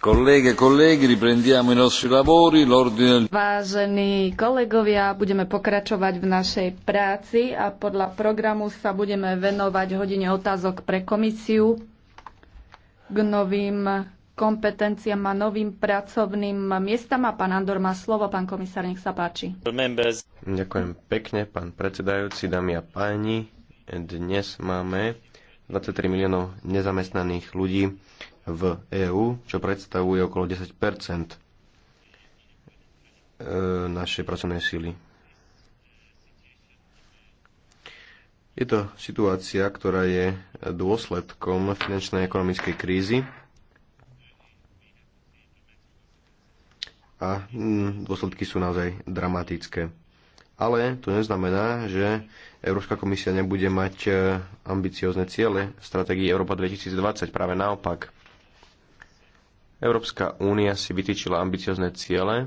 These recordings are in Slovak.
E Vážení kolegovia, budeme pokračovať v našej práci a podľa programu sa budeme venovať hodine otázok pre komisiu k novým kompetenciám a novým pracovným miestam. A pán Andor má slovo, pán komisár, nech sa páči. Ďakujem pekne, pán predsedajúci, dámy a páni. Dnes máme 23 miliónov nezamestnaných ľudí v EÚ, čo predstavuje okolo 10 e, našej pracovnej síly. Je to situácia, ktorá je dôsledkom finančnej a ekonomickej krízy a mm, dôsledky sú naozaj dramatické. Ale to neznamená, že Európska komisia nebude mať e, ambiciozne ciele v stratégii Európa 2020. Práve naopak, Európska únia si vytýčila ambiciozne ciele, e,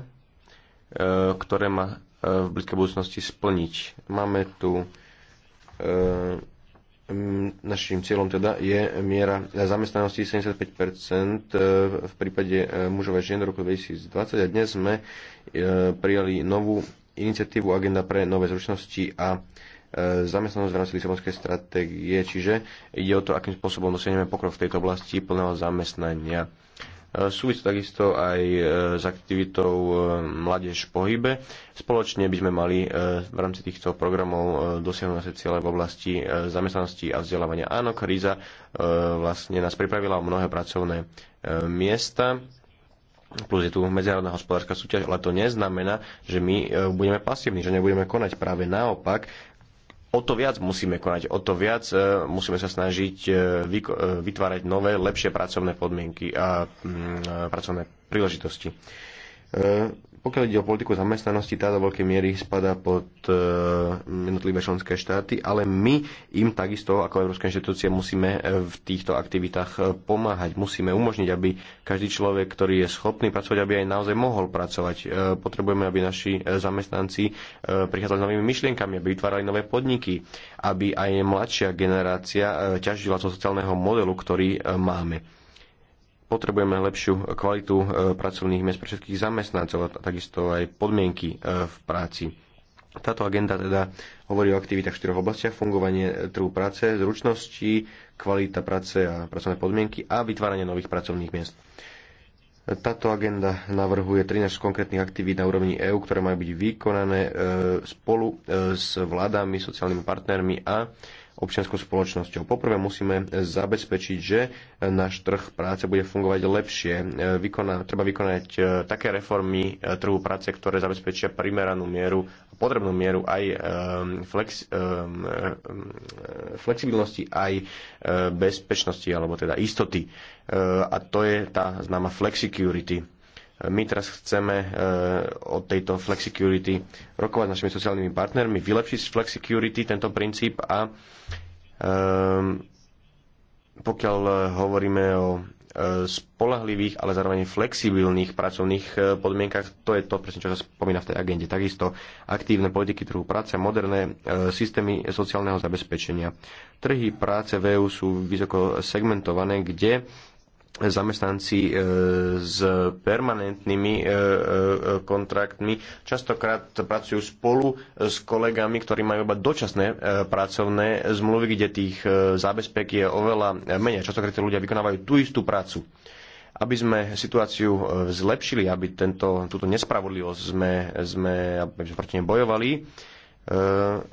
ktoré má e, v blízkej budúcnosti splniť. Máme tu e, našim cieľom teda je miera zamestnanosti 75% v prípade mužov a žien roku 2020 a dnes sme prijali novú iniciatívu Agenda pre nové zručnosti a zamestnanosť v rámci Lisabonskej stratégie, čiže ide o to, akým spôsobom dosiahneme pokrok v tejto oblasti plného zamestnania. E, Súvisí takisto aj e, s aktivitou e, Mládež v pohybe. Spoločne by sme mali v rámci týchto programov dosiahnuť naše ciele v oblasti zamestnanosti a vzdelávania. Áno, kríza vlastne nás pripravila o mnohé pracovné miesta, plus je tu medzinárodná hospodárska súťaž, ale to neznamená, že my budeme pasívni, že nebudeme konať. Práve naopak, o to viac musíme konať, o to viac e, musíme sa snažiť e, e, vytvárať nové, lepšie pracovné podmienky a mm, pracovné príležitosti. Pokiaľ ide o politiku zamestnanosti, tá do veľkej miery spada pod e, jednotlivé členské štáty, ale my im takisto ako Európska inštitúcia musíme e, v týchto aktivitách e, pomáhať. Musíme umožniť, aby každý človek, ktorý je schopný pracovať, aby aj naozaj mohol pracovať. Potrebujeme, aby naši zamestnanci prichádzali s novými myšlienkami, aby vytvárali nové podniky, aby aj mladšia generácia ťažila zo sociálneho modelu, ktorý máme potrebujeme lepšiu kvalitu e, pracovných miest pre všetkých zamestnancov a takisto aj podmienky e, v práci. Táto agenda teda hovorí o aktivitách v štyroch oblastiach, fungovanie e, trhu práce, zručnosti, kvalita práce a pracovné podmienky a vytváranie nových pracovných miest. Táto agenda navrhuje 13 konkrétnych aktivít na úrovni EÚ, ktoré majú byť vykonané spolu s vládami, sociálnymi partnermi a občianskou spoločnosťou. Poprvé musíme zabezpečiť, že náš trh práce bude fungovať lepšie. Vykoná, treba vykonať e, také reformy e, trhu práce, ktoré zabezpečia primeranú mieru, a potrebnú mieru aj e, flex, flexibilnosti, aj bezpečnosti, alebo teda istoty. A to je tá známa flexicurity my teraz chceme e, od tejto flexicurity rokovať s našimi sociálnymi partnermi, vylepšiť flexicurity, tento princíp a ehm, pokiaľ hovoríme o e, spolahlivých, ale zároveň flexibilných pracovných e, podmienkach. To je to, presne čo sa spomína v tej agende. Takisto aktívne politiky trhu práce, moderné systémy sociálneho zabezpečenia. Trhy práce v EU sú vysoko segmentované, kde zamestnanci e, s permanentnými e, e, kontraktmi častokrát pracujú spolu s kolegami, ktorí majú iba dočasné pracovné zmluvy, kde tých zábezpek je oveľa menej. Častokrát tí ľudia vykonávajú tú istú prácu. Aby sme situáciu zlepšili, aby tento, túto nespravodlivosť sme, sme, aby sme proti nej bojovali,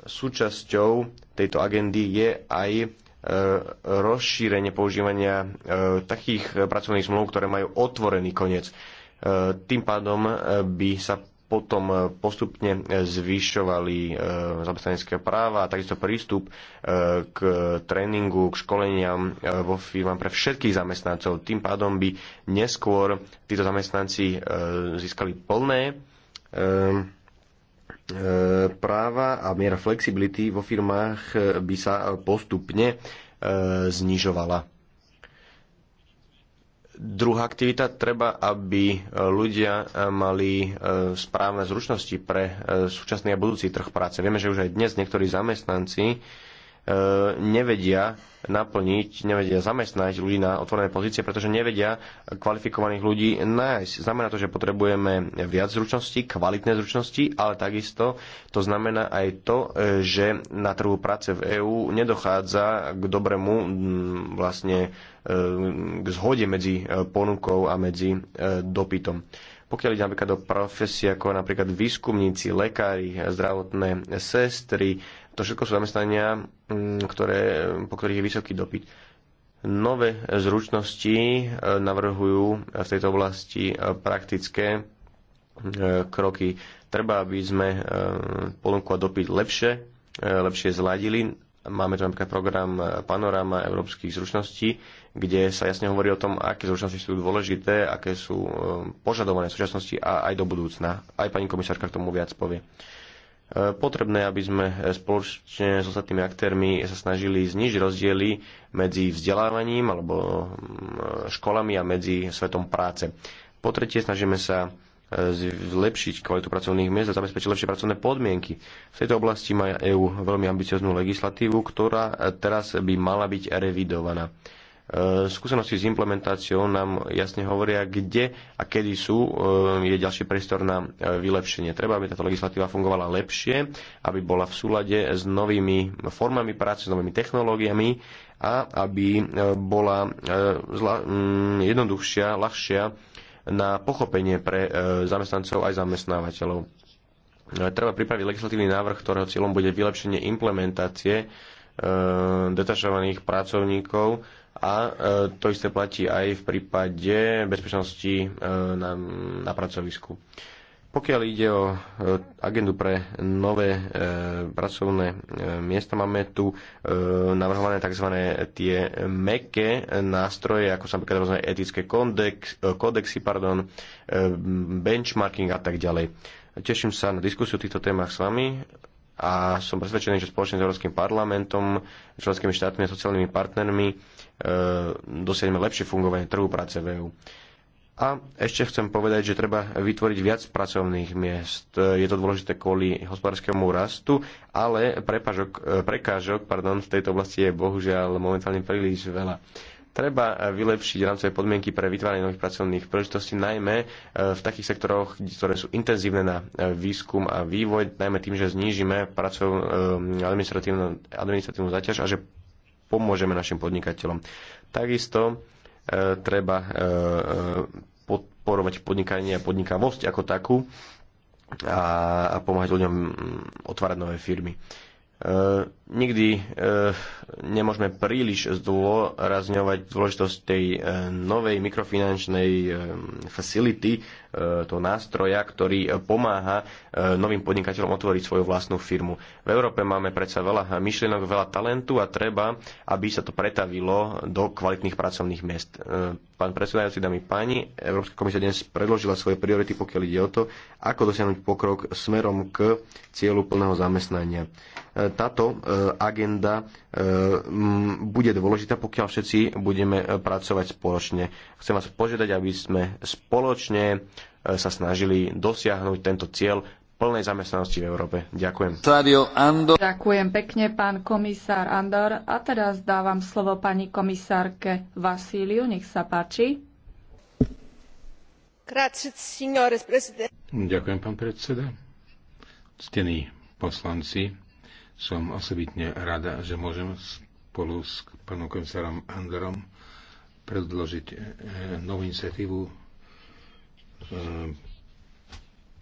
súčasťou tejto agendy je aj E, rozšírenie používania e, takých pracovných zmluv, ktoré majú otvorený koniec. E, tým pádom by sa potom postupne zvyšovali zamestnanecké práva a takisto prístup k tréningu, k školeniam vo firmám pre všetkých zamestnancov. Tým pádom by neskôr títo zamestnanci získali plné E, práva a miera flexibility vo firmách e, by sa postupne e, znižovala. Druhá aktivita, treba, aby ľudia mali správne zručnosti pre súčasný a budúci trh práce. Vieme, že už aj dnes niektorí zamestnanci nevedia naplniť, nevedia zamestnať ľudí na otvorené pozície, pretože nevedia kvalifikovaných ľudí nájsť. Znamená to, že potrebujeme viac zručností, kvalitné zručnosti, ale takisto to znamená aj to, že na trhu práce v EÚ nedochádza k dobrému vlastne e, k zhode medzi e, ponukou a medzi e, dopytom. Pokiaľ ide napríklad o profesie ako napríklad výskumníci, lekári, zdravotné sestry, to všetko sú zamestnania, mm, ktoré, po ktorých je vysoký dopyt. Nové zručnosti eh, navrhujú v tejto oblasti eh, praktické eh, kroky. Treba, aby sme ponuku a dopyt lepšie, lepšie zladili Máme tu napríklad program eh, Panorama európskych zručností, kde sa jasne hovorí o tom, aké zručnosti sú dôležité, aké sú eh, požadované v súčasnosti a aj do budúcna. Aj pani komisárka k tomu viac povie. Eh, potrebné, aby sme spoločne s ostatnými aktérmi sa snažili znižiť rozdiely medzi vzdelávaním alebo mm, školami a medzi svetom práce. Po tretie, snažíme sa zlepšiť kvalitu pracovných miest a zabezpečiť lepšie pracovné podmienky. V tejto oblasti má EÚ veľmi ambicioznú legislatívu, ktorá teraz by mala byť revidovaná. E, skúsenosti s implementáciou nám jasne hovoria, kde a kedy sú, e, je ďalší priestor na e, vylepšenie. Treba, aby táto legislatíva fungovala lepšie, aby bola v súlade s novými formami práce, s novými technológiami a aby bola jednoduchšia, ľahšia na pochopenie pre e, zamestnancov aj zamestnávateľov. E, treba pripraviť legislatívny návrh, ktorého cieľom bude vylepšenie implementácie e, detašovaných pracovníkov a to isté platí aj v prípade bezpečnosti na, na pracovisku. Pokiaľ ide o e, agendu pre nové e, pracovné e, miesta, máme tu navrhované tzv. tie meké nástroje, ako sa napríklad rôzne etické kodex, kodexy, pardon, benchmarking a tak ďalej. Teším sa na diskusiu o týchto témach s vami a som presvedčený, že spoločne s Európskym parlamentom, členskými štátmi a sociálnymi partnermi e, dosiahneme lepšie fungovanie trhu práce v EU. A ešte chcem povedať, že treba vytvoriť viac pracovných miest. Je to dôležité kvôli hospodárskému rastu, ale prepažok, prekážok pardon, v tejto oblasti je bohužiaľ momentálne príliš veľa. Treba vylepšiť rámcové podmienky pre vytváranie nových pracovných príležitostí, najmä e, v takých sektoroch, ktoré sú intenzívne na e, výskum a vývoj, najmä tým, že znížime e, administratívnu, administratívnu zaťaž a že pomôžeme našim podnikateľom. Takisto treba e, e, podporovať podnikanie a podnikavosť ako takú a pomáhať ľuďom mm, otvárať nové firmy. E, nikdy e, nemôžeme príliš zdôrazňovať dôležitosť tej e, novej mikrofinančnej e, facility, e, toho nástroja, ktorý pomáha e, novým podnikateľom otvoriť svoju vlastnú firmu. V Európe máme predsa veľa myšlienok, veľa talentu a treba, aby sa to pretavilo do kvalitných pracovných miest. E, pán predsedajúci, dámy páni, Európska komisia dnes predložila svoje priority, pokiaľ ide o to, ako dosiahnuť pokrok smerom k cieľu plného zamestnania. E, táto e, agenda e, bude dôležitá, pokiaľ všetci budeme pracovať spoločne. Chcem vás požiadať, aby sme spoločne e, sa snažili dosiahnuť tento cieľ plnej zamestnanosti v Európe. Ďakujem. Ďakujem pekne, pán komisár Andor. A teraz dávam slovo pani komisárke Vasíliu. Nech sa páči. Ďakujem, pán predseda. Ctení poslanci, som osobitne rada, že môžem spolu s pánom komisárom Anderom predložiť e, novú iniciatívu e,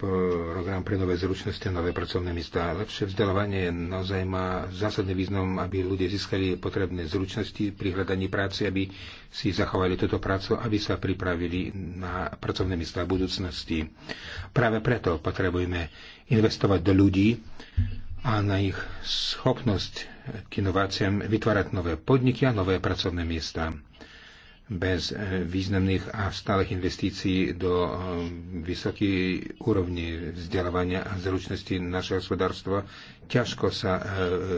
program pre nové zručnosti a nové pracovné miesta. Lepšie vzdelávanie naozaj má zásadný význam, aby ľudia získali potrebné zručnosti pri hľadaní práce, aby si zachovali túto prácu, aby sa pripravili na pracovné miesta v budúcnosti. Práve preto potrebujeme investovať do ľudí, a na ich schopnosť k inováciám vytvárať nové podniky a nové pracovné miesta. Bez významných a stálych investícií do eh, vysokej úrovni vzdelávania a zručnosti našeho hospodárstva ťažko sa eh,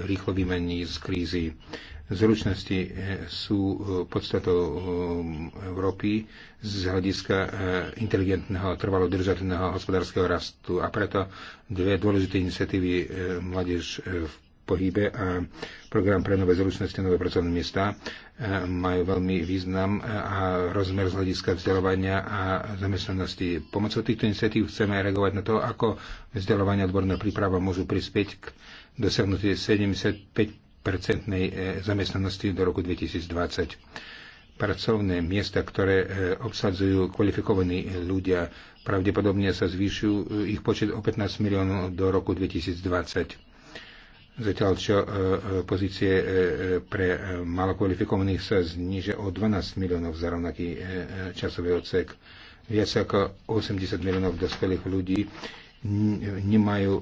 rýchlo vymení z krízy zručnosti eh, sú eh, podstatou eh, Európy z hľadiska inteligentného, trvalo držateľného hospodárskeho rastu. A preto dve dôležité iniciatívy Mládež v pohybe a program pre nové zručnosti a nové pracovné miesta majú veľmi význam a rozmer z hľadiska vzdelávania a zamestnanosti. Pomocou týchto iniciatív chceme reagovať na to, ako vzdelávanie a odborná príprava môžu prispieť k dosiahnutie 75 percentnej e, zamestnanosti do roku 2020. Pracovné miesta, ktoré e, obsadzujú kvalifikovaní ľudia, pravdepodobne sa zvýšujú e, ich počet o 15 miliónov do roku 2020 zatiaľ čo pozície pre malo kvalifikovaných sa zniže o 12 miliónov za rovnaký časový odsek. Viac ako 80 miliónov dospelých ľudí nemajú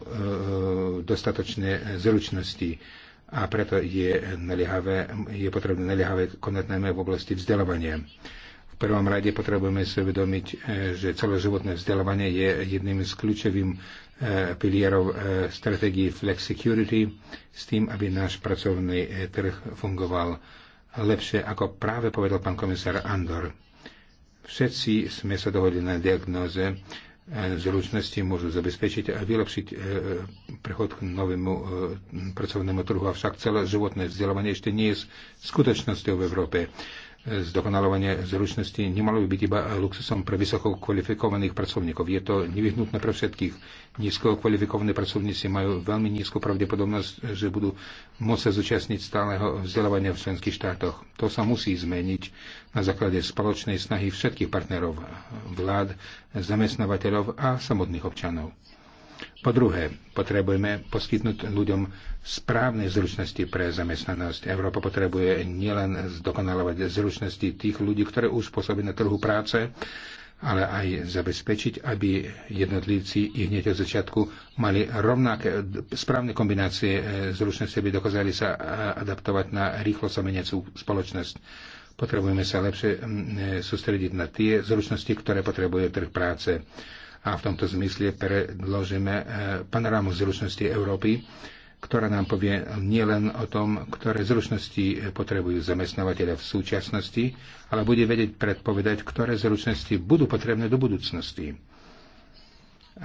dostatočné zručnosti a preto je, neliehavé, je potrebné neliehavé konať najmä v oblasti vzdelávania. V prvom rade potrebujeme si uvedomiť, e, že celoživotné vzdelávanie je jedným z kľúčovým e, pilierov e, stratégie Flex Security s tým, aby náš pracovný trh fungoval lepšie, ako práve povedal pán komisár Andor. Všetci sme sa dohodli na diagnoze, zručnosti môžu zabezpečiť a vylepšiť e, e, prechod k novému e, pracovnému trhu. Avšak celé životné vzdelávanie ešte nie je skutočnosťou v Európe zdokonalovanie zručnosti nemalo by byť iba luxusom pre vysoko kvalifikovaných pracovníkov. Je to nevyhnutné pre všetkých. Nízko kvalifikovaní pracovníci majú veľmi nízku pravdepodobnosť, že budú môcť sa zúčastniť stáleho vzdelávania v členských štátoch. To sa musí zmeniť na základe spoločnej snahy všetkých partnerov, vlád, zamestnávateľov a samotných občanov. Po druhé, potrebujeme poskytnúť ľuďom správne zručnosti pre zamestnanosť. Európa potrebuje nielen zdokonalovať zručnosti tých ľudí, ktoré uspôsobí na trhu práce, ale aj zabezpečiť, aby jednotlivci i hneď od začiatku mali rovnaké správne kombinácie e, zručnosti, aby dokázali sa e, adaptovať na rýchlo sa meniacú spoločnosť. Potrebujeme sa lepšie e, sústrediť na tie zručnosti, ktoré potrebuje trh práce a v tomto zmysle predložíme eh, panorámu zručnosti Európy, ktorá nám povie nielen o tom, ktoré zručnosti eh, potrebujú zamestnávateľe v súčasnosti, ale bude vedieť predpovedať, ktoré zručnosti budú potrebné do budúcnosti.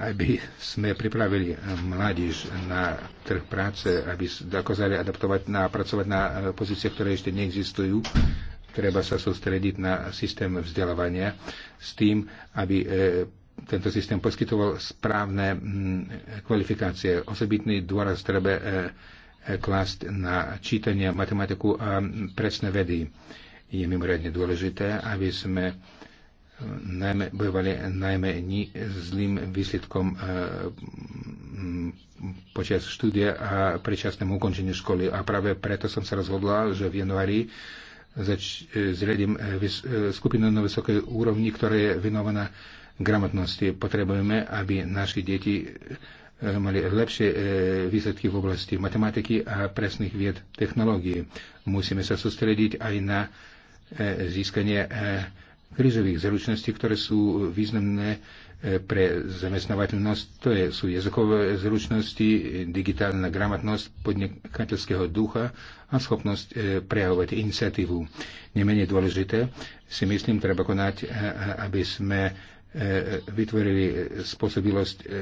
Aby sme pripravili eh, mládež na trh práce, aby dokázali adaptovať na, pracovať na pozície, ktoré ešte neexistujú, treba sa sústrediť na systém vzdelávania s tým, aby tento systém poskytoval správne mm, kvalifikácie. Osobitný dôraz treba e, e, klásť na čítanie, matematiku a presné vedy. Je mimoriadne dôležité, aby sme e, najmä, bojovali najmä ni, zlým výsledkom počas štúdia a predčasnému ukončeniu školy. A práve preto som sa rozhodla, že v januári zač- zriadím vys- skupinu na vysokej úrovni, ktorá je venovaná gramotnosti. Potrebujeme, aby naši deti e, mali lepšie e, výsledky v oblasti matematiky a presných vied technológií. Musíme sa sústrediť aj na e, získanie krizových zručností, ktoré sú významné pre zamestnávateľnosť. To je, sú jazykové zručnosti, digitálna gramotnosť podnikateľského ducha a schopnosť prejavovať iniciatívu. Nemenej dôležité si myslím, treba konať, aby sme E, vytvorili spôsobilosť e, e,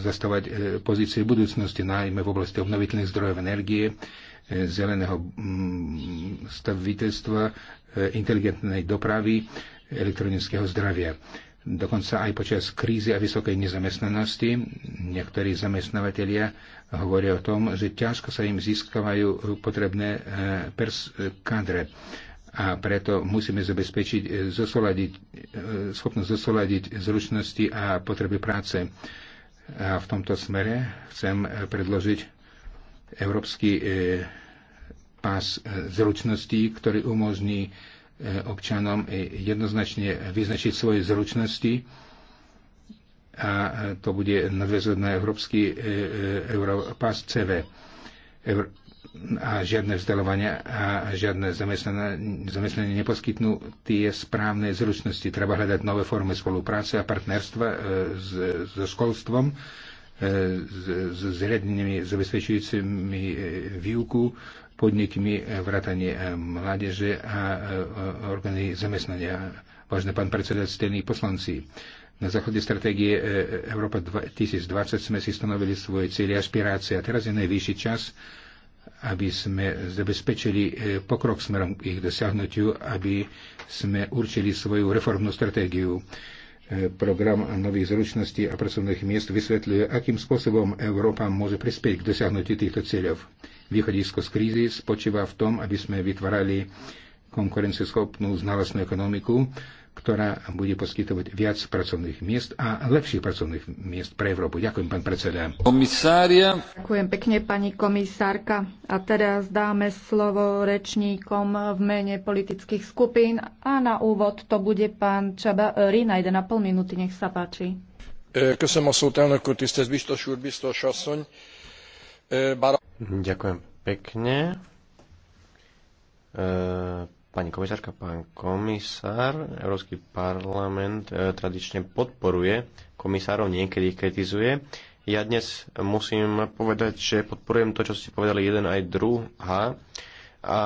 zastávať pozície budúcnosti, najmä v oblasti obnoviteľných zdrojov energie, zeleného mm, staviteľstva, inteligentnej dopravy, elektronického zdravia. Dokonca aj počas krízy a vysokej nezamestnanosti niektorí zamestnávateľia hovoria o tom, že ťažko sa im získavajú potrebné pers- kadre a preto musíme zabezpečiť e, zosoladiť, e, schopnosť zosoladiť zručnosti a potreby práce. A v tomto smere chcem e, predložiť európsky pás zručností, ktorý umožní občanom jednoznačne vyznačiť svoje zručnosti a to bude nadväzovať na európsky pás CV. Eur a žiadne vzdelovanie a žiadne zamestnanie neposkytnú tie správne zručnosti. Treba hľadať nové formy spolupráce a partnerstva e, so školstvom, e, s zriadenými zabezpečujúcimi e, výuku, podnikmi vrátanie mládeže a orgány zamestnania. Vážne pán predseda, stejní poslanci, na základe stratégie Európa 2020 sme si stanovili svoje cieľe a aspirácie a teraz je najvyšší čas, aby sme zabezpečili e, pokrok smerom k ich dosiahnutiu, aby sme určili svoju reformnú stratégiu. E, program nových zručností a pracovných miest vysvetľuje, akým spôsobom Európa môže prispieť k dosiahnutiu týchto cieľov. Východisko z krízy spočíva v tom, aby sme vytvárali konkurencieschopnú znalostnú ekonomiku, ktorá bude poskytovať viac pracovných miest a lepších pracovných miest pre Európu. Ďakujem, pán predseda. Komisária. Ďakujem pekne, pani komisárka. A teraz dáme slovo rečníkom v mene politických skupín. A na úvod to bude pán Čaba e, Rina, 1,5 minúty, nech sa páči. E, e, Ďakujem pekne Pani komisárka, pán komisár, Európsky parlament e, tradične podporuje komisárov, niekedy kritizuje. Ja dnes musím povedať, že podporujem to, čo ste povedali jeden aj druhá. A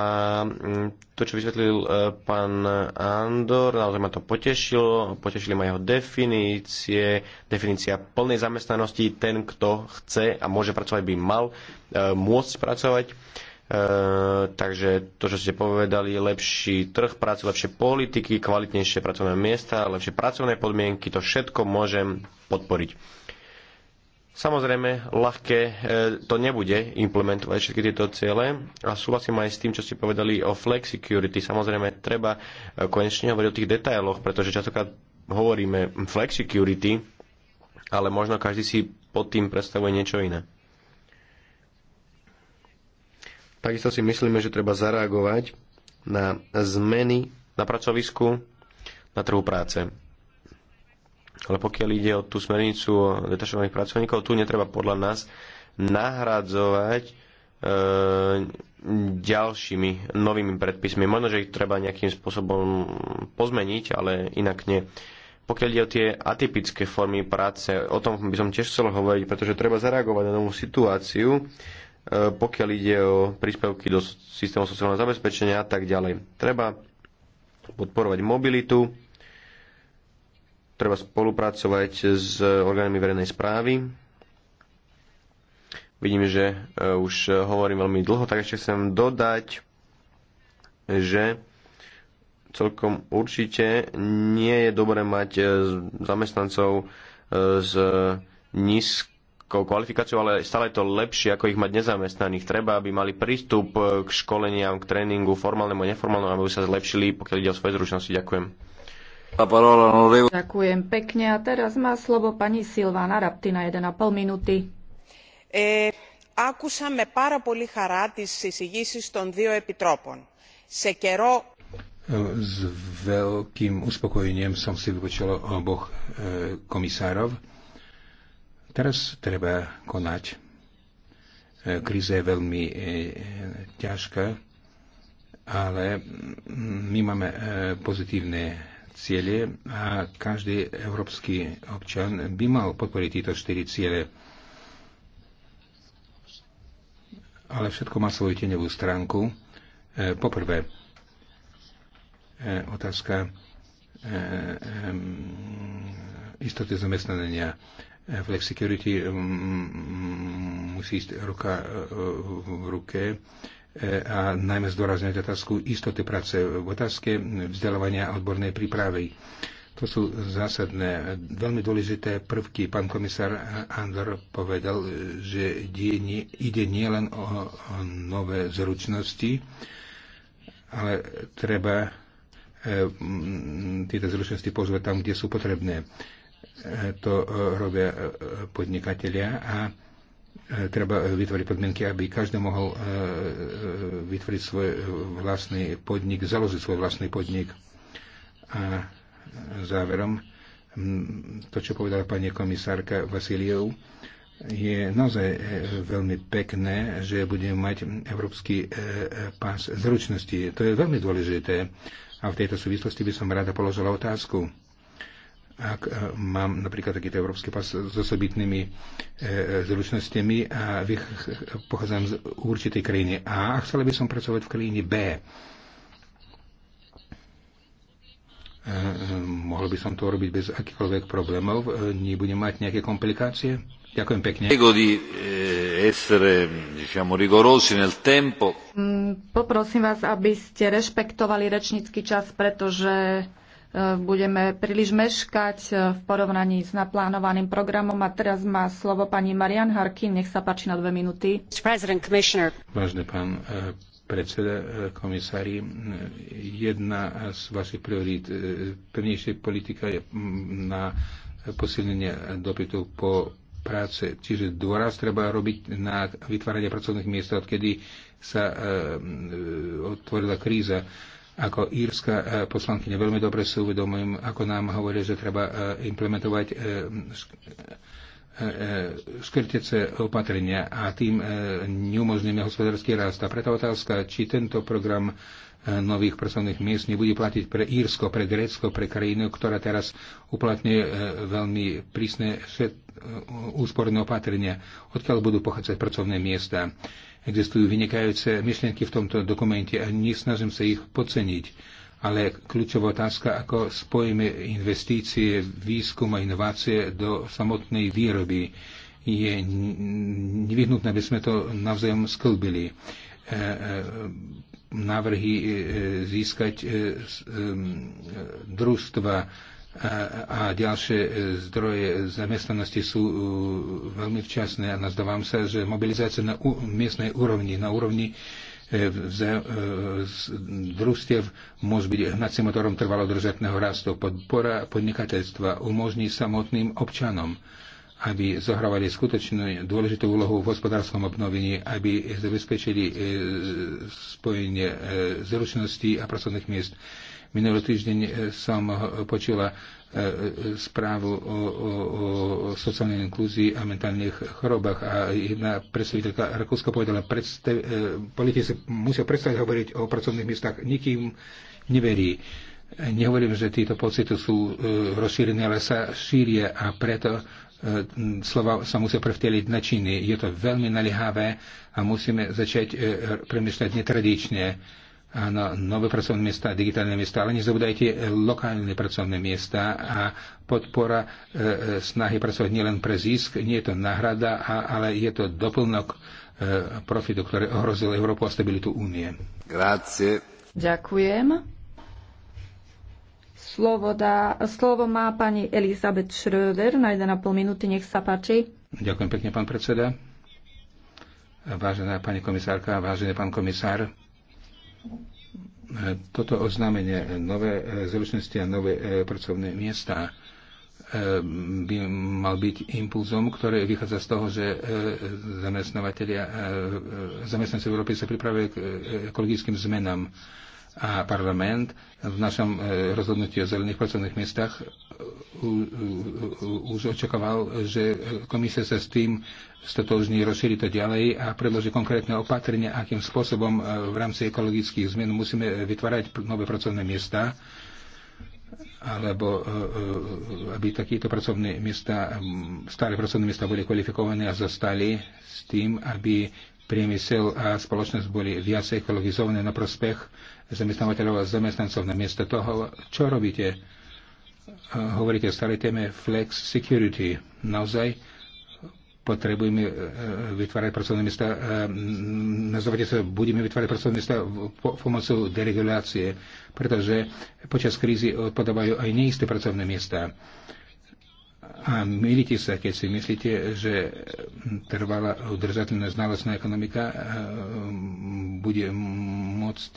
mm, to, čo vysvetlil e, pán Andor, naozaj ma to potešilo. Potešili ma jeho definície, definícia plnej zamestnanosti. Ten, kto chce a môže pracovať, by mal e, môcť pracovať E, takže to, čo ste povedali, lepší trh práce, lepšie politiky, kvalitnejšie pracovné miesta, lepšie pracovné podmienky, to všetko môžem podporiť. Samozrejme, ľahké e, to nebude implementovať všetky tieto ciele a súhlasím aj s tým, čo ste povedali o flex security. Samozrejme, treba e, konečne hovoriť o tých detailoch, pretože častokrát hovoríme flexicurity, ale možno každý si pod tým predstavuje niečo iné. Takisto si myslíme, že treba zareagovať na zmeny na pracovisku, na trhu práce. Ale pokiaľ ide o tú smernicu o detašovaných pracovníkov, tu netreba podľa nás nahradzovať e, ďalšími novými predpismi. Možno, že ich treba nejakým spôsobom pozmeniť, ale inak nie. Pokiaľ ide o tie atypické formy práce, o tom by som tiež chcel hovoriť, pretože treba zareagovať na novú situáciu E, pokiaľ ide o príspevky do systému sociálneho zabezpečenia a tak ďalej. Treba podporovať mobilitu, treba spolupracovať s orgánmi verejnej správy. Vidím, že e, už hovorím veľmi dlho, tak ešte chcem dodať, že celkom určite nie je dobré mať e, zamestnancov z nízk vysokou kvalifikáciou, ale stále je to lepšie, ako ich mať nezamestnaných. Treba, aby mali prístup e, k školeniam, k tréningu, formálnemu a neformálnemu, aby sa zlepšili, pokiaľ ide o svoje zručnosti. Ďakujem. No, no, no. Ďakujem pekne. A teraz má slovo pani Silvána Raptina, 1,5 minúty. E, άκουσα με πάρα πολύ χαρά τις εισηγήσεις των δύο επιτρόπων. Σε καιρό s veľkým uspokojením som si vypočul oboch e, komisárov. Teraz treba konať. E, kríza je veľmi e, ťažká, ale my máme e, pozitívne ciele a každý európsky občan by mal podporiť tieto štyri ciele. Ale všetko má svoju tenevú stránku. Poprvé, otázka istoty zamestnania Eh, Flexicurity mm, mm, musí ísť ruka eh, v ruke eh, a najmä zdôrazňovať otázku istoty práce v otázke vzdelávania a odbornej prípravy. To sú zásadné, veľmi dôležité prvky. Pán komisár Andor povedal, že ide nielen o nové zručnosti, ale treba tieto zručnosti pozvať tam, kde sú potrebné to eh, robia eh, podnikatelia a eh, treba vytvoriť podmienky, aby každý mohol vytvoriť svoj vlastný podnik, založiť svoj vlastný podnik. A záverom, hm, to, čo povedala pani komisárka Vasiliev, je naozaj veľmi pekné, že budeme mať európsky pás zručnosti. To je veľmi dôležité. A v tejto súvislosti by som rada položila otázku ak e, mám napríklad takýto európsky pas s osobitnými e, zručnostiami a vych, pochádzam z určitej krajiny A a chcela by som pracovať v krajine B. E, mohol by som to robiť bez akýchkoľvek problémov, e, nebudem mať nejaké komplikácie. Ďakujem pekne. E, mm, poprosím vás, aby ste rešpektovali rečnícky čas, pretože budeme príliš meškať e, v porovnaní s naplánovaným programom. A teraz má slovo pani Marian Harkin. Nech sa páči na dve minúty. Vážne pán e, predseda, e, komisári, jedna z vašich priorít pevnejšej politika je na posilnenie dopytu po práce. Čiže dôraz treba robiť na vytváranie pracovných miest, odkedy sa otvorila kríza ako írska e, poslankyňa veľmi dobre si uvedomujem, ako nám hovorí, že treba e, implementovať e, skrtece opatrenia a tým neumožníme hospodársky rast. A preto otázka, či tento program E, nových pracovných miest nebude platiť pre Írsko, pre Grécko, pre krajinu, ktorá teraz uplatňuje e, veľmi prísne e, úsporné opatrenia, odkiaľ budú pochádzať pracovné miesta. Existujú vynikajúce myšlienky v tomto dokumente a nesnažím sa ich podceniť. Ale kľúčová otázka, ako spojíme investície, výskum a inovácie do samotnej výroby, je nevyhnutné, aby sme to navzájom sklbili návrhy e, získať e, družstva a ďalšie e, zdroje zamestnanosti sú veľmi včasné a nazdávam sa, že mobilizácia na miestnej úrovni, na úrovni družstiev môže byť hnacím motorom trvalo držatného rastu. Podpora podnikateľstva umožní samotným občanom aby zohrávali skutočnú dôležitú úlohu v hospodárskom obnovení, aby zabezpečili e, spojenie e, zručností a pracovných miest. Minulý týždeň e, som počula správu o, o, o sociálnej inklúzii a mentálnych chorobách a jedna predstaviteľka Rakúska povedala, predstav, politici musia prestať hovoriť o pracovných miestach, nikým neverí. Nehovorím, že títo pocity sú rozšírené, ale sa šíria a preto E, slova sa musia prevteliť na činy. Je to veľmi naliehavé a musíme začať e, premyšľať netradične. Áno, nové pracovné miesta, digitálne miesta, ale nezabudajte lokálne pracovné miesta a podpora e, e, snahy pracovať nielen pre zisk, nie je to náhrada, a, ale je to doplnok e, profitu, ktorý ohrozil Európu a stabilitu únie. Grazie. Ďakujem. Slovo, dá, slovo má pani Elizabeth Schröder na 1,5 minúty. Nech sa páči. Ďakujem pekne, pán predseda. Vážená pani komisárka, vážený pán komisár, toto oznámenie nové zručnosti a nové e, pracovné miesta e, by mal byť impulzom, ktorý vychádza z toho, že e, zamestnávateľia, zamestnanci Európy sa pripravujú k ekologickým zmenám a parlament v našom e, rozhodnutí o zelených pracovných miestach e, už očakával, že e, komisia sa s tým stotožní rozšíri to ďalej a predloží konkrétne opatrenia, akým spôsobom v rámci ekologických zmien musíme vytvárať nové pracovné miesta alebo aby takéto pracovné miesta, staré pracovné miesta boli kvalifikované a zostali s tým, aby priemysel a spoločnosť boli viac ekologizované na prospech zamestnávateľov a zamestnancov miesto toho, čo robíte. E, hovoríte o starej téme flex security. Naozaj potrebujeme e, vytvárať pracovné miesta, e, nazvate sa, budeme vytvárať pracovné miesta pomocou deregulácie, pretože počas krízy odpadávajú aj neisté pracovné miesta. A milíte sa, keď si myslíte, že trvalá udržateľná znalostná ekonomika e, bude môcť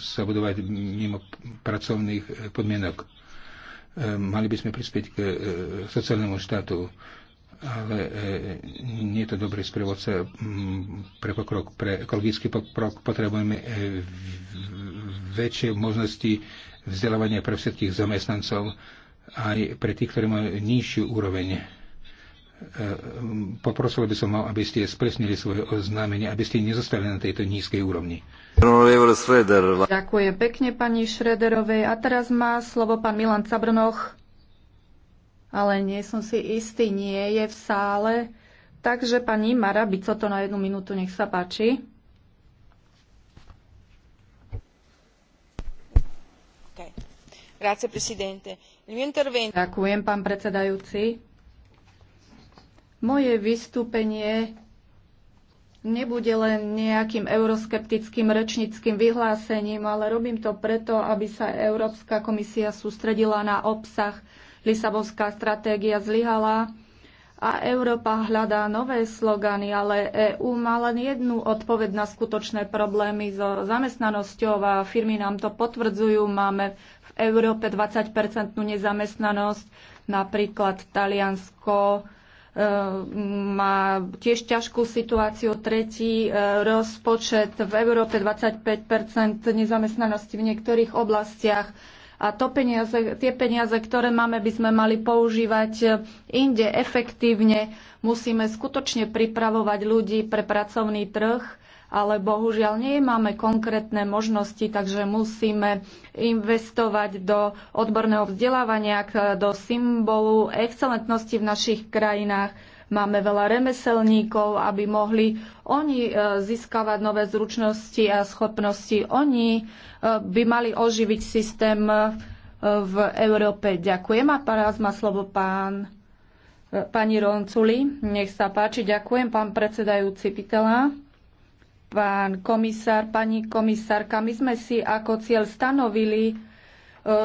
sa budovať mimo pracovných podmienok. E, mali by sme prispieť k e, sociálnemu štátu, ale nie je to dobrý sprievodca pre pokrok. Pre ekologický pokrok potrebujeme väčšie možnosti vzdelávania pre všetkých zamestnancov aj pre tých, ktorí majú nižšiu úroveň. E, poprosil by som vám, aby ste spresnili svoje oznámenie, aby ste nezostali na tejto nízkej úrovni. Ďakujem pekne pani Šrederovej. A teraz má slovo pán Milan Cabrnoch, ale nie som si istý, nie je v sále. Takže pani Mara to na jednu minútu, nech sa páči. Ďakujem, pán predsedajúci. Moje vystúpenie nebude len nejakým euroskeptickým rečnickým vyhlásením, ale robím to preto, aby sa Európska komisia sústredila na obsah. Lisabonská stratégia zlyhala a Európa hľadá nové slogany, ale EÚ má len jednu odpoveď na skutočné problémy so zamestnanosťou a firmy nám to potvrdzujú. Máme v Európe 20-percentnú nezamestnanosť. Napríklad Taliansko e, má tiež ťažkú situáciu. Tretí e, rozpočet v Európe 25 nezamestnanosti v niektorých oblastiach. A to peniaze, tie peniaze, ktoré máme, by sme mali používať inde efektívne. Musíme skutočne pripravovať ľudí pre pracovný trh ale bohužiaľ nemáme konkrétne možnosti, takže musíme investovať do odborného vzdelávania, do symbolu excelentnosti v našich krajinách. Máme veľa remeselníkov, aby mohli oni e, získavať nové zručnosti a schopnosti. Oni e, by mali oživiť systém e, v Európe. Ďakujem a teraz má slovo pán, pani Ronculi. Nech sa páči. Ďakujem, pán predsedajúci Pitela pán komisár, pani komisárka, my sme si ako cieľ stanovili e,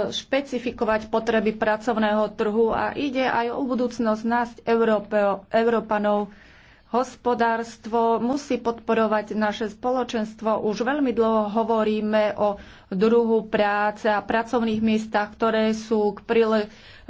špecifikovať potreby pracovného trhu a ide aj o budúcnosť nás, Európe, Európanov. Hospodárstvo musí podporovať naše spoločenstvo. Už veľmi dlho hovoríme o druhu práce a pracovných miestach, ktoré sú k, príle,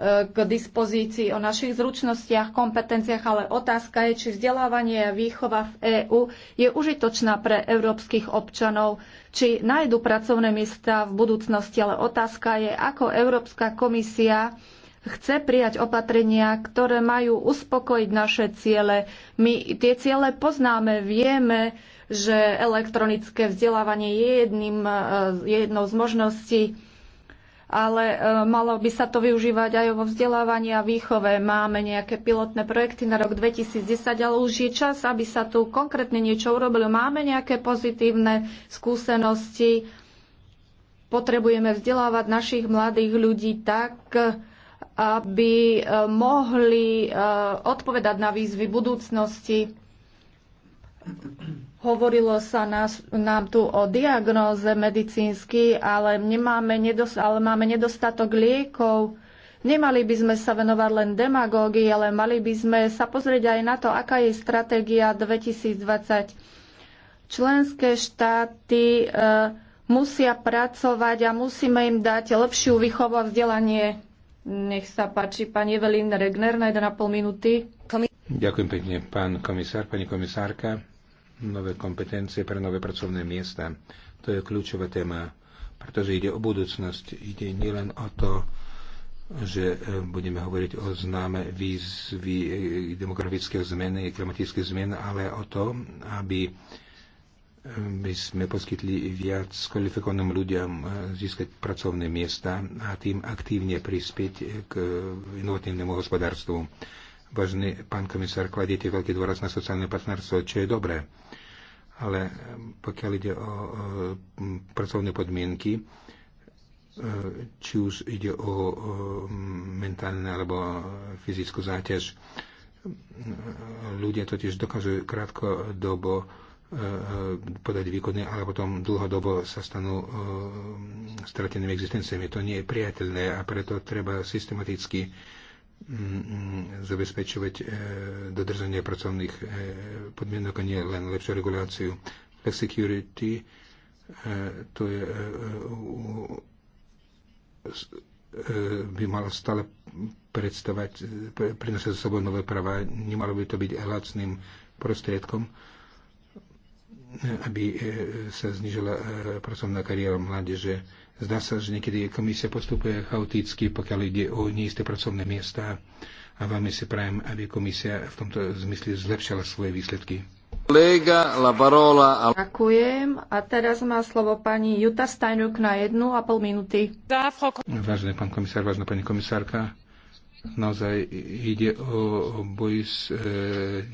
e, k dispozícii, o našich zručnostiach, kompetenciách, ale otázka je, či vzdelávanie a výchova v EÚ je užitočná pre európskych občanov, či nájdu pracovné miesta v budúcnosti, ale otázka je, ako Európska komisia chce prijať opatrenia, ktoré majú uspokojiť naše ciele. My tie ciele poznáme, vieme, že elektronické vzdelávanie je, jedným, e, je jednou z možností, ale e, malo by sa to využívať aj vo vzdelávaní a výchove. Máme nejaké pilotné projekty na rok 2010, ale už je čas, aby sa tu konkrétne niečo urobilo. Máme nejaké pozitívne skúsenosti, potrebujeme vzdelávať našich mladých ľudí tak, aby eh, mohli eh, odpovedať na výzvy budúcnosti. Hovorilo sa nás, nám tu o diagnóze medicínsky, ale, nemáme nedos- ale máme nedostatok liekov. Nemali by sme sa venovať len demagógii, ale mali by sme sa pozrieť aj na to, aká je stratégia 2020. Členské štáty e, musia pracovať a musíme im dať lepšiu výchovu a vzdelanie. Nech sa páči, pani Evelyn Regner na 1,5 minúty. Ďakujem pekne, pán komisár, pani komisárka. Nové kompetencie pre nové pracovné miesta. To je kľúčová téma, pretože ide o budúcnosť. Ide nielen o to, že e, budeme hovoriť o známe výzvy e, demografických zmen, klimatických zmen, ale o to, aby by sme poskytli viac kvalifikovaným ľuďom eh, získať pracovné miesta a tým aktívne prispieť k inovatívnemu hospodárstvu. Vážny pán komisár, kladiete veľký dôraz na sociálne partnerstvo, čo je dobré. Ale eh, pokiaľ ide o eh, pracovné podmienky, či už ide o mentálne alebo fyzickú záťaž, ľudia totiž dokážu krátko dobo Eh, podať výkony, ale potom dlhodobo sa stanú eh, stratenými existenciami. To nie je priateľné a preto treba systematicky mm, mm, zabezpečovať eh, dodržanie pracovných podmienok a nie len lepšiu reguláciu. security. to je, by malo stále predstavať, prinášať so sebou nové práva, nemalo by to byť lacným prostriedkom aby e, sa znižila e, pracovná kariéra mládeže. Zdá sa, že niekedy komisia postupuje chaoticky, pokiaľ ide o neisté pracovné miesta a veľmi si prajem, aby komisia v tomto zmysle zlepšala svoje výsledky. Ďakujem. A teraz má slovo pani Juta Steinruck na jednu a pol minúty. Vážený pán komisár, vážená pani komisárka, Naozaj ide o boj s e,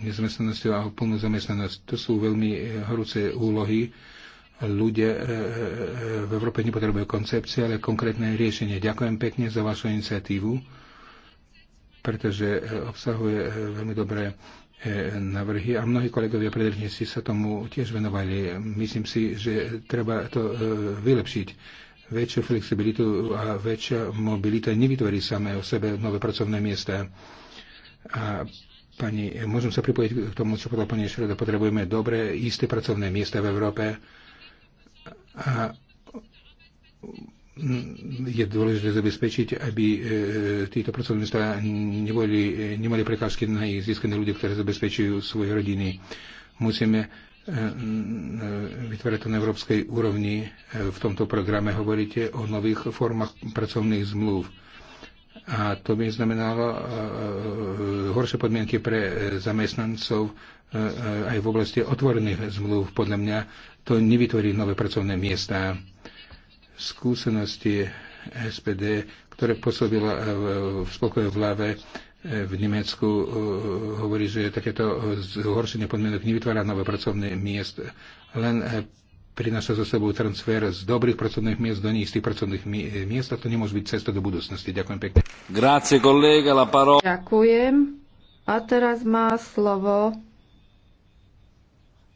nezamestnanosťou a o plnú zamestnanosť. To sú veľmi e, horúce úlohy. Ľudia e, e, e, v Európe nepotrebujú koncepcie, ale konkrétne riešenie. Ďakujem pekne za vašu iniciatívu, pretože obsahuje veľmi dobré navrhy a mnohí kolegovia predržníci sa tomu tiež venovali. Myslím si, že treba to vylepšiť väčšiu flexibilitu a väčšia mobilita nevytvorí samé o sebe nové pracovné miesta. A pani, môžem sa pripojiť k tomu, čo povedal pani Šreda, potrebujeme dobré, isté pracovné miesta v Európe a je dôležité zabezpečiť, aby e, títo pracovné miesta neboli, nemali prekážky na ich získané ľudia, ktoré zabezpečujú svoje rodiny. Musíme E, e, vytvárať to na európskej úrovni. E, v tomto programe hovoríte o nových formách pracovných zmluv. A to by znamenalo horšie podmienky pre zamestnancov aj v oblasti otvorených zmluv. Podľa mňa to nevytvorí nové pracovné miesta. Skúsenosti SPD, ktoré pôsobila v v vláve, v Nemecku e, hovorí, že takéto zhoršenie podmienok nevytvára nové pracovné miest, len e, prináša za sebou transfer z dobrých pracovných miest do neistých pracovných miest a to nemôže byť cesta do budúcnosti. Ďakujem pekne. Grazie, kolega, la paro... Ďakujem. A teraz má slovo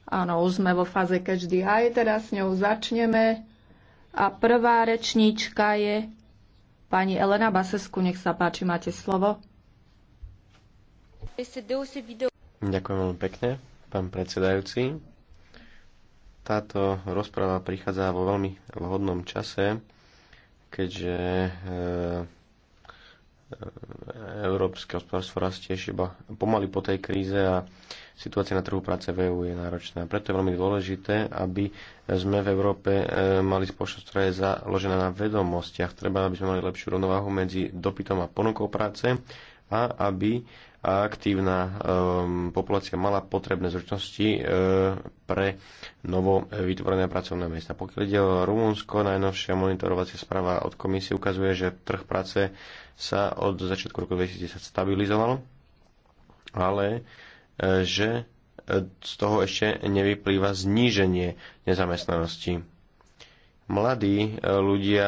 Áno, už sme vo fáze každý Aj teraz s ňou začneme. A prvá rečníčka je pani Elena Basesku, nech sa páči, máte slovo. Ďakujem veľmi pekne, pán predsedajúci. Táto rozpráva prichádza vo veľmi vhodnom čase, keďže e, e, európske hospodárstvo rastie iba pomaly po tej kríze a situácia na trhu práce v EÚ je náročná. Preto je veľmi dôležité, aby sme v Európe e, mali spoločnosť, ktorá je založená na vedomostiach. Treba, aby sme mali lepšiu rovnováhu medzi dopytom a ponukou práce a aby a aktívna ehm, populácia mala potrebné zručnosti e, pre novo vytvorené pracovné miesta. Pokiaľ ide o Rumunsko, najnovšia monitorovacia správa od komisie ukazuje, že trh práce sa od začiatku roku 2010 stabilizoval, ale e, že e, z toho ešte nevyplýva zníženie nezamestnanosti mladí ľudia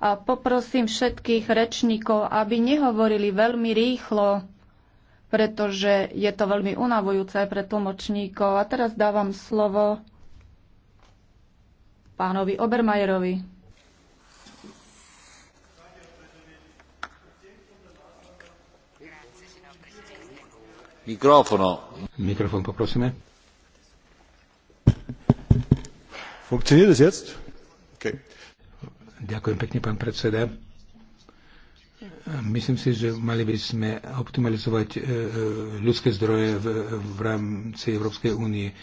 a poprosím všetkých rečníkov, aby nehovorili veľmi rýchlo, pretože je to veľmi unavujúce pre tlmočníkov. A teraz dávam slovo pánovi Obermajerovi. Mikrofono. Mikrofon poprosíme. Funktioniert es jetzt? Okay. Ďakujem pekne, pán predseda. Myslím si, že mali by sme optimalizovať e, e, ľudské zdroje v, v rámci Európskej únie.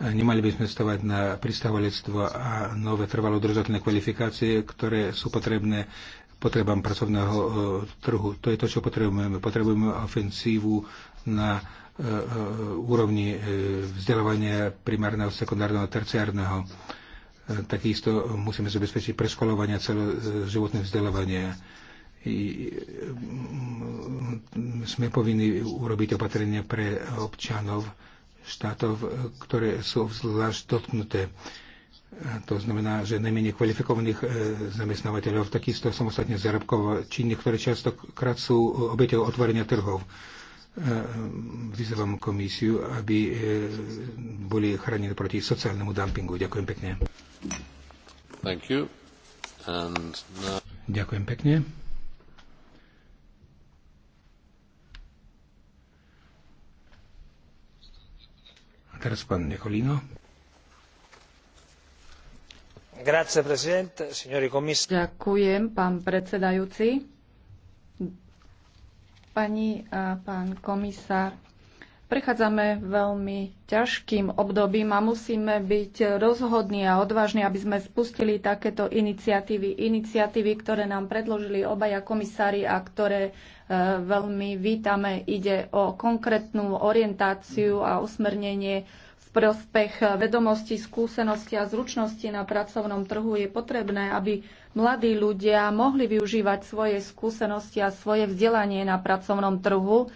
Nemali by sme stavať na pristahovalectvo a nové trvalo kvalifikácie, ktoré sú potrebné potrebám pracovného e, trhu. To je to, čo potrebujeme. Potrebujeme ofensívu na úrovni vzdelávania primárneho, sekundárneho, terciárneho Takisto musíme zabezpečiť preskolovania celoživotné vzdelávanie. Mm, sme povinni urobiť opatrenia pre občanov štátov, ktoré sú zvlášť dotknuté. To znamená, že najmenej kvalifikovaných e, zamestnávateľov, takisto samostatne zárobkov, činných, ktoré častokrát sú obeťou otvorenia trhov. E, e, vyzývam komisiu, aby e, boli chránené proti sociálnemu dumpingu. Ďakujem pekne. Thank you. And now... Ďakujem pekne. A teraz pán Nekolino. Grazie, Ďakujem, pán predsedajúci Pani a pán komisár, prechádzame veľmi ťažkým obdobím a musíme byť rozhodní a odvážni, aby sme spustili takéto iniciatívy. Iniciatívy, ktoré nám predložili obaja komisári a ktoré e, veľmi vítame. Ide o konkrétnu orientáciu a usmernenie prospech vedomostí, skúsenosti a zručnosti na pracovnom trhu je potrebné, aby mladí ľudia mohli využívať svoje skúsenosti a svoje vzdelanie na pracovnom trhu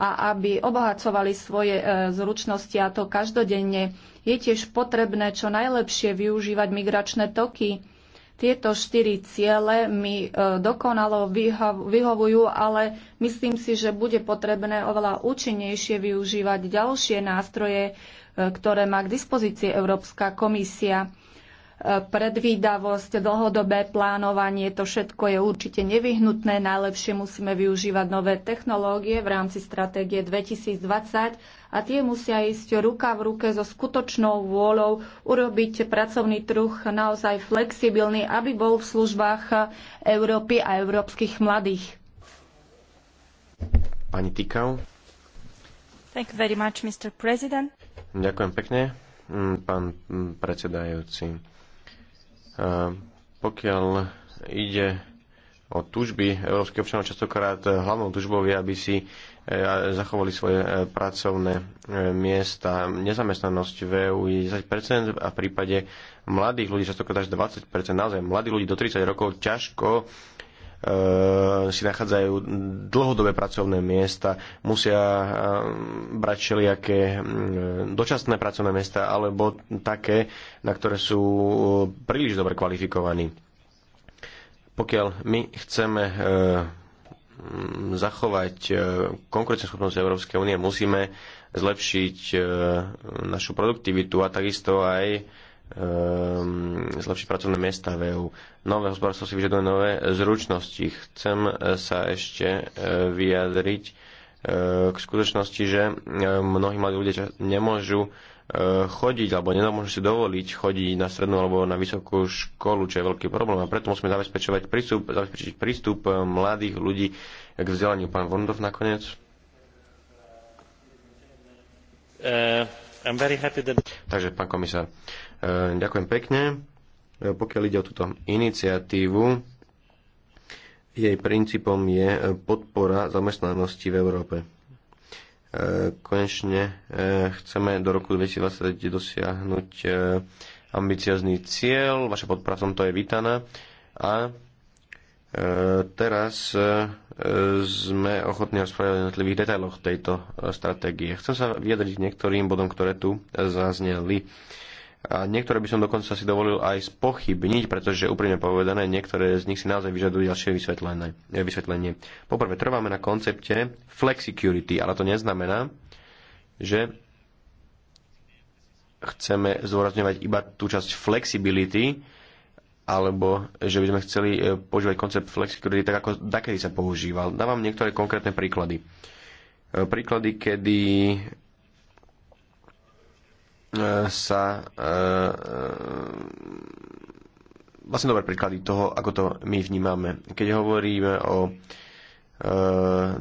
a aby obohacovali svoje e, zručnosti a to každodenne. Je tiež potrebné čo najlepšie využívať migračné toky. Tieto štyri ciele mi e, dokonalo vyhovujú, ale myslím si, že bude potrebné oveľa účinnejšie využívať ďalšie nástroje, ktoré má k dispozícii Európska komisia. E, predvídavosť, dlhodobé plánovanie, to všetko je určite nevyhnutné. Najlepšie musíme využívať nové technológie v rámci stratégie 2020 a tie musia ísť ruka v ruke so skutočnou vôľou urobiť pracovný trh naozaj flexibilný, aby bol v službách Európy a európskych mladých. Pani Tikau. Thank you very much, Mr. President. Ďakujem pekne, mm, pán predsedajúci. Pokiaľ ide o tužby európskych občanov, častokrát hlavnou tužbou je, aby si e, zachovali svoje e, pracovné e, miesta. Nezamestnanosť v EU je 10% a v prípade mladých ľudí častokrát až 20%. Naozaj mladí ľudí do 30 rokov ťažko E, si nachádzajú dlhodobé pracovné miesta, musia e, brať všelijaké dočasné pracovné miesta alebo také, na ktoré sú e, príliš dobre kvalifikovaní. Pokiaľ my chceme zachovať konkurenceschopnosť Európskej únie, musíme zlepšiť našu produktivitu a takisto aj Ehm, zlepšiť pracovné miesta v EU. Nové hospodárstvo si vyžaduje nové zručnosti. Chcem e, sa ešte e, vyjadriť e, k skutočnosti, že mnohí mladí ľudia nemôžu chodiť alebo nemôžu si dovoliť chodiť na strednú alebo na vysokú školu, čo je veľký problém. A preto musíme zabezpečovať prístup, zabezpečiť prístup mladých ľudí k vzdelaniu. Pán Vondov nakoniec. Takže, pán komisár, eh, ďakujem pekne. Eh, pokiaľ ide o túto iniciatívu, jej princípom je eh, podpora zamestnanosti v Európe. Konečne chceme do roku 2020 dosiahnuť ambiciozný cieľ, vaša podpora v tomto je vítaná a E, teraz e, sme ochotní rozprávať o jednotlivých detailoch tejto e, stratégie. Chcem sa vyjadriť niektorým bodom, ktoré tu zazneli. A niektoré by som dokonca si dovolil aj spochybniť, pretože úprimne povedané, niektoré z nich si naozaj vyžadujú ďalšie vysvetlenie. vysvetlenie. Poprvé, trváme na koncepte flexicurity, ale to neznamená, že chceme zdôrazňovať iba tú časť flexibility, alebo že by sme chceli e, používať koncept flexicurity tak, ako takedy sa používal. Dávam niektoré konkrétne príklady. E, príklady, kedy e, sa vlastne dobré príklady toho, ako to my vnímame. Keď hovoríme o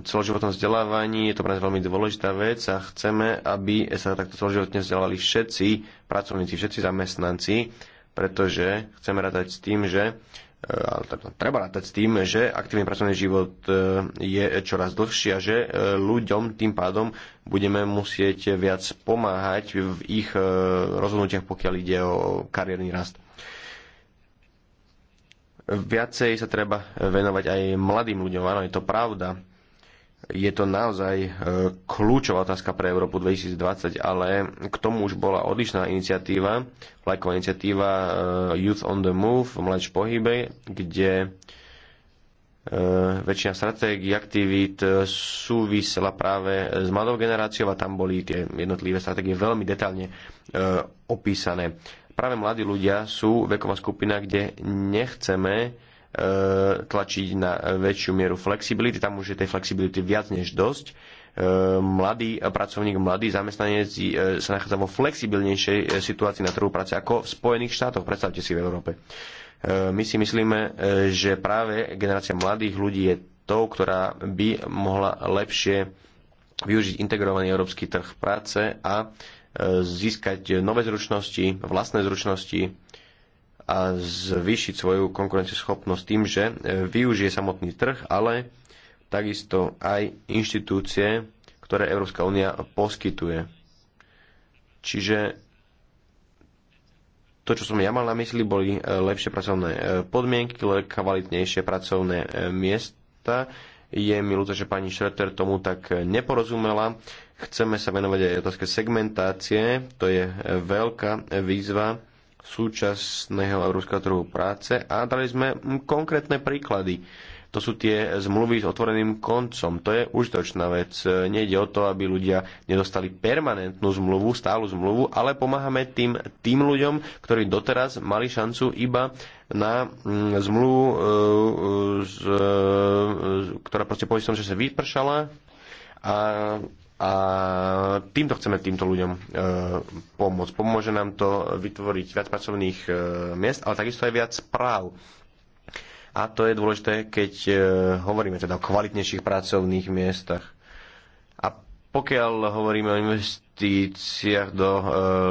celoživotnom vzdelávaní, je to pre nás veľmi dôležitá vec a chceme, aby sa takto celoživotne vzdelávali všetci pracovníci, všetci zamestnanci pretože chceme rátať s tým, že e, ale no, treba rátať s tým, že aktívny pracovný život e, je čoraz dlhší a že e, ľuďom tým pádom budeme musieť viac pomáhať v ich rozhodnutiach, pokiaľ ide o kariérny rast. Viacej sa treba venovať aj mladým ľuďom, áno, je to pravda je to naozaj e, kľúčová otázka pre Európu 2020, ale k tomu už bola odlišná iniciatíva, vlajková iniciatíva e, Youth on the Move, Mládež v pohybe, kde e, väčšina stratégií, aktivít súvisela práve s mladou generáciou a tam boli tie jednotlivé stratégie veľmi detálne opísané. Práve mladí ľudia sú veková skupina, kde nechceme E, tlačiť na väčšiu mieru flexibility. Tam už je tej flexibility viac než dosť. E, mladý pracovník, mladý zamestnanec e, sa nachádza vo flexibilnejšej situácii na trhu práce ako v Spojených štátoch, predstavte si v Európe. My si myslíme, že práve generácia mladých ľudí je tou, ktorá by mohla lepšie využiť integrovaný európsky trh práce a získať nové zručnosti, vlastné zručnosti, a zvýšiť svoju konkurencieschopnosť tým, že e, využije samotný trh, ale takisto aj inštitúcie, ktoré Európska únia poskytuje. Čiže to, čo som ja mal na mysli, boli e, lepšie pracovné e, podmienky, kvalitnejšie pracovné miesta. Je mi ľúto, že pani Schroeter tomu tak neporozumela. Chceme sa venovať aj otázke segmentácie, to je veľká výzva súčasného európskeho trhu práce a dali sme konkrétne príklady. To sú tie zmluvy s otvoreným koncom. To je užitočná vec. Nejde o to, aby ľudia nedostali permanentnú zmluvu, stálu zmluvu, ale pomáhame tým, tým ľuďom, ktorí doteraz mali šancu iba na mm, zmluvu, e, e, e, ktorá proste po že sa vypršala a a týmto chceme týmto ľuďom e, pomôcť. Pomôže nám to vytvoriť viac pracovných e, miest, ale takisto aj viac práv. A to je dôležité, keď e, hovoríme teda o kvalitnejších pracovných miestach. A pokiaľ hovoríme o investíciách do e,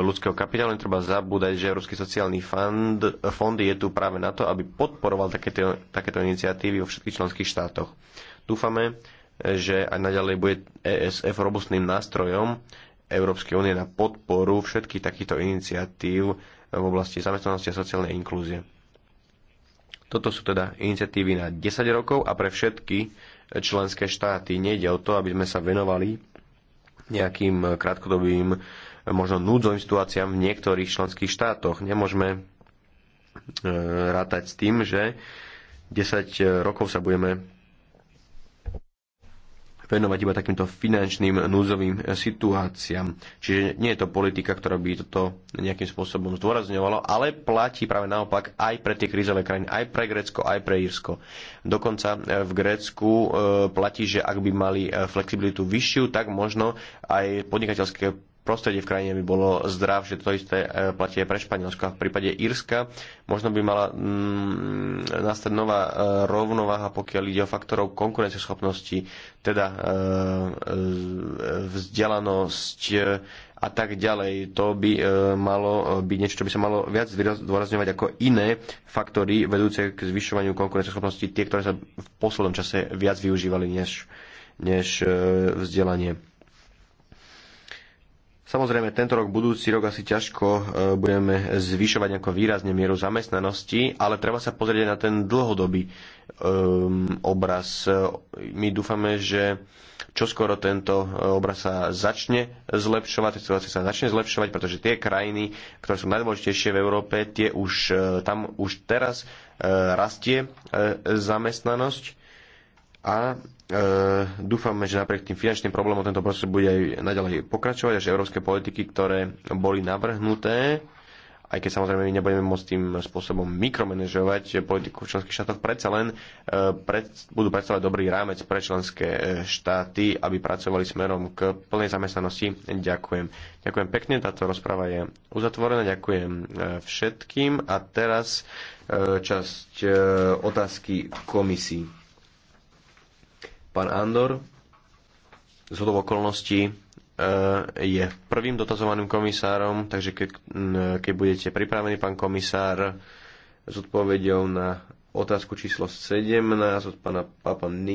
ľudského kapitálu, netreba zabúdať, že Európsky sociálny fond, fond je tu práve na to, aby podporoval takéto, takéto iniciatívy vo všetkých členských štátoch. Dúfame, že aj naďalej bude ESF robustným nástrojom Európskej únie na podporu všetkých takýchto iniciatív v oblasti zamestnanosti a sociálnej inklúzie. Toto sú teda iniciatívy na 10 rokov a pre všetky členské štáty nejde o to, aby sme sa venovali nejakým krátkodobým, možno núdzovým situáciám v niektorých členských štátoch. Nemôžeme e, rátať s tým, že 10 rokov sa budeme venovať iba takýmto finančným núzovým eh, situáciám. Čiže nie je to politika, ktorá by toto nejakým spôsobom zdôrazňovala, ale platí práve naopak aj pre tie krízové krajiny, aj pre Grécko, aj pre Írsko. Dokonca eh, v Grécku eh, platí, že ak by mali flexibilitu vyššiu, tak možno aj podnikateľské prostredie v krajine by bolo zdravšie. To isté e, platí aj pre Španielsko. A v prípade Írska možno by mala mm, nastať nová e, rovnováha, pokiaľ ide o faktorov konkurenceschopnosti, teda e, vzdelanosť a tak ďalej. To by malo byť niečo, čo by sa malo viac zdôrazňovať ako iné faktory vedúce k zvyšovaniu konkurenceschopnosti, tie, ktoré sa v poslednom čase viac využívali než, než vzdelanie. Samozrejme, tento rok, budúci rok asi ťažko e, budeme zvyšovať nejako výrazne mieru zamestnanosti, ale treba sa pozrieť na ten dlhodobý um, obraz. E, my dúfame, že čoskoro tento e, obraz sa začne zlepšovať, situácia sa začne zlepšovať, pretože tie krajiny, ktoré sú najdôležitejšie v Európe, tie už, tam už teraz rastie zamestnanosť a e, dúfame, že napriek tým finančným problémom tento proces bude aj naďalej pokračovať a že európske politiky, ktoré boli navrhnuté, aj keď samozrejme my nebudeme môcť tým spôsobom mikromanežovať politiku v členských štátoch, predsa len e, pred, budú predstavovať dobrý rámec pre členské e, štáty, aby pracovali smerom k plnej zamestnanosti. Ďakujem. Ďakujem pekne, táto rozpráva je uzatvorená, ďakujem e, všetkým a teraz časť otázky komisii. Pán Andor z hodov okolností e, je prvým dotazovaným komisárom, takže keď, keď budete pripravení, pán komisár, s odpovedou na otázku číslo 17 od pána Papa Nik